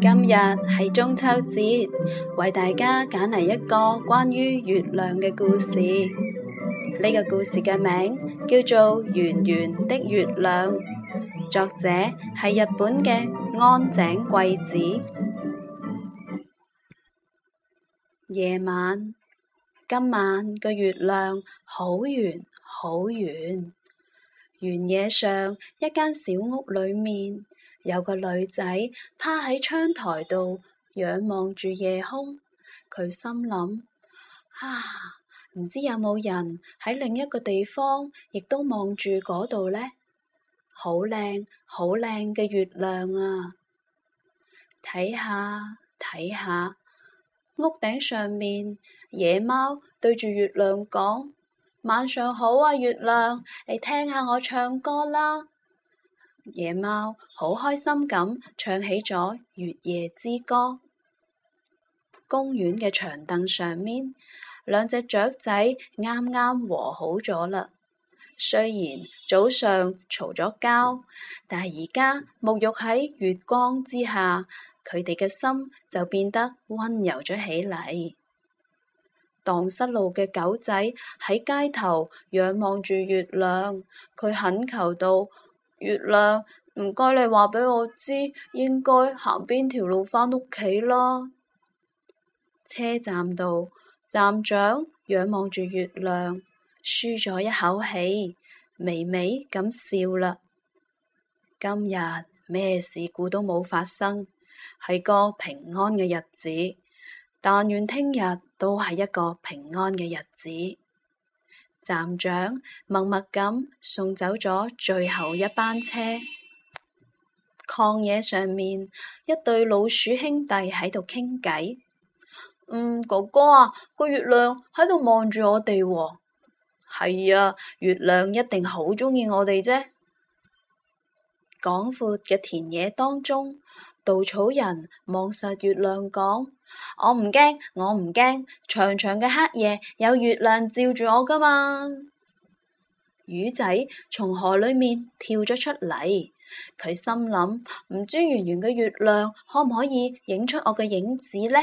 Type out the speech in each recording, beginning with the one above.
今日係中秋節，為大家揀嚟一個關於月亮嘅故事。呢、呢個故事嘅名叫做《圓圓的月亮》，作者係日本嘅安井貴子。夜晚，今晚嘅月亮好圓，好圓。原野上一間小屋裏面，有個女仔趴喺窗台度仰望住夜空。佢心諗：啊，唔知有冇人喺另一個地方亦都望住嗰度呢？好靚，好靚嘅月亮啊！睇下，睇下，屋頂上面，野貓對住月亮講。晚上好啊，月亮，你聽下我唱歌啦。夜貓好開心咁唱起咗月夜之歌。公園嘅長凳上面，兩隻雀仔啱啱和好咗啦。雖然早上嘈咗交，但係而家沐浴喺月光之下，佢哋嘅心就變得溫柔咗起嚟。蕩失路嘅狗仔喺街頭仰望住月亮，佢懇求道，月亮，唔該你話俾我知，應該行邊條路返屋企啦。車站度，站長仰望住月亮，舒咗一口氣，微微咁笑啦。今日咩事故都冇發生，係個平安嘅日子。但願聽日都係一個平安嘅日子。站長默默咁送走咗最後一班車。曠野上面，一對老鼠兄弟喺度傾偈。嗯，哥哥啊，個月亮喺度望住我哋喎。係啊，月亮一定好鍾意我哋啫。廣闊嘅田野當中。稻草人望實月亮，講：我唔驚，我唔驚，長長嘅黑夜有月亮照住我噶嘛。魚仔從河裏面跳咗出嚟，佢心諗：唔知圓圓嘅月亮可唔可以影出我嘅影子呢？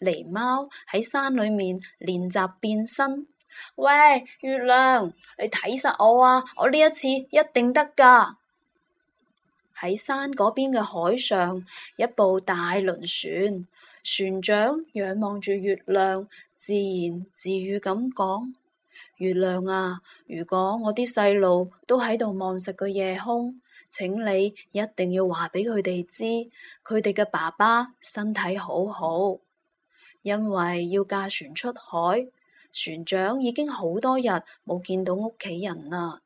狸貓喺山裏面練習變身，喂月亮，你睇實我啊！我呢一次一定得噶。喺山嗰邊嘅海上，一部大輪船，船長仰望住月亮，自言自語咁講：月亮啊，如果我啲細路都喺度望實個夜空，請你一定要話俾佢哋知，佢哋嘅爸爸身體好好，因為要駕船出海，船長已經好多日冇見到屋企人啦。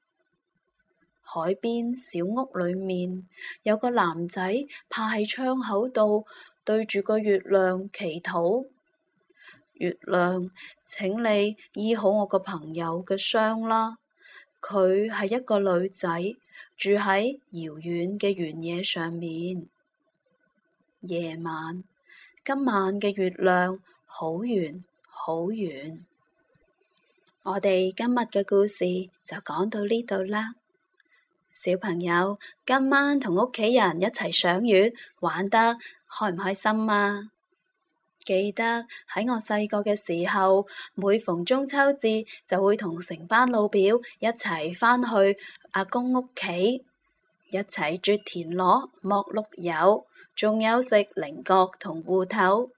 海邊小屋裏面有個男仔，趴喺窗口度對住個月亮祈禱。月亮，請你醫好我個朋友嘅傷啦。佢係一個女仔，住喺遙遠嘅原野上面。夜晚，今晚嘅月亮好圓，好圓。我哋今日嘅故事就講到呢度啦。小朋友，今晚同屋企人一齊賞月，玩得開唔開心啊？記得喺我細個嘅時候，每逢中秋節就會同成班老表一齊返去阿公屋企，一齊啜田螺、剝碌柚，仲有食菱角同芋頭。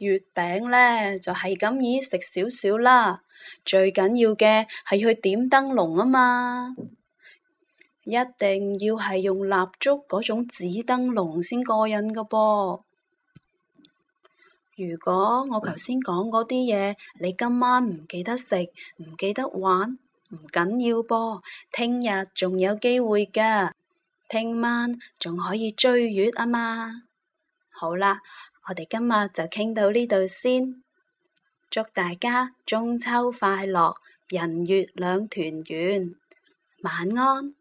月餅呢就係咁，以食少少啦。最緊要嘅係去點燈籠啊嘛！一定要係用蠟燭嗰種紙燈籠先過癮噶噃。如果我頭先講嗰啲嘢，你今晚唔記得食，唔記得玩，唔緊要噃，聽日仲有機會噶。聽晚仲可以追月啊嘛。好啦，我哋今日就傾到呢度先，祝大家中秋快樂，人月兩團圓，晚安。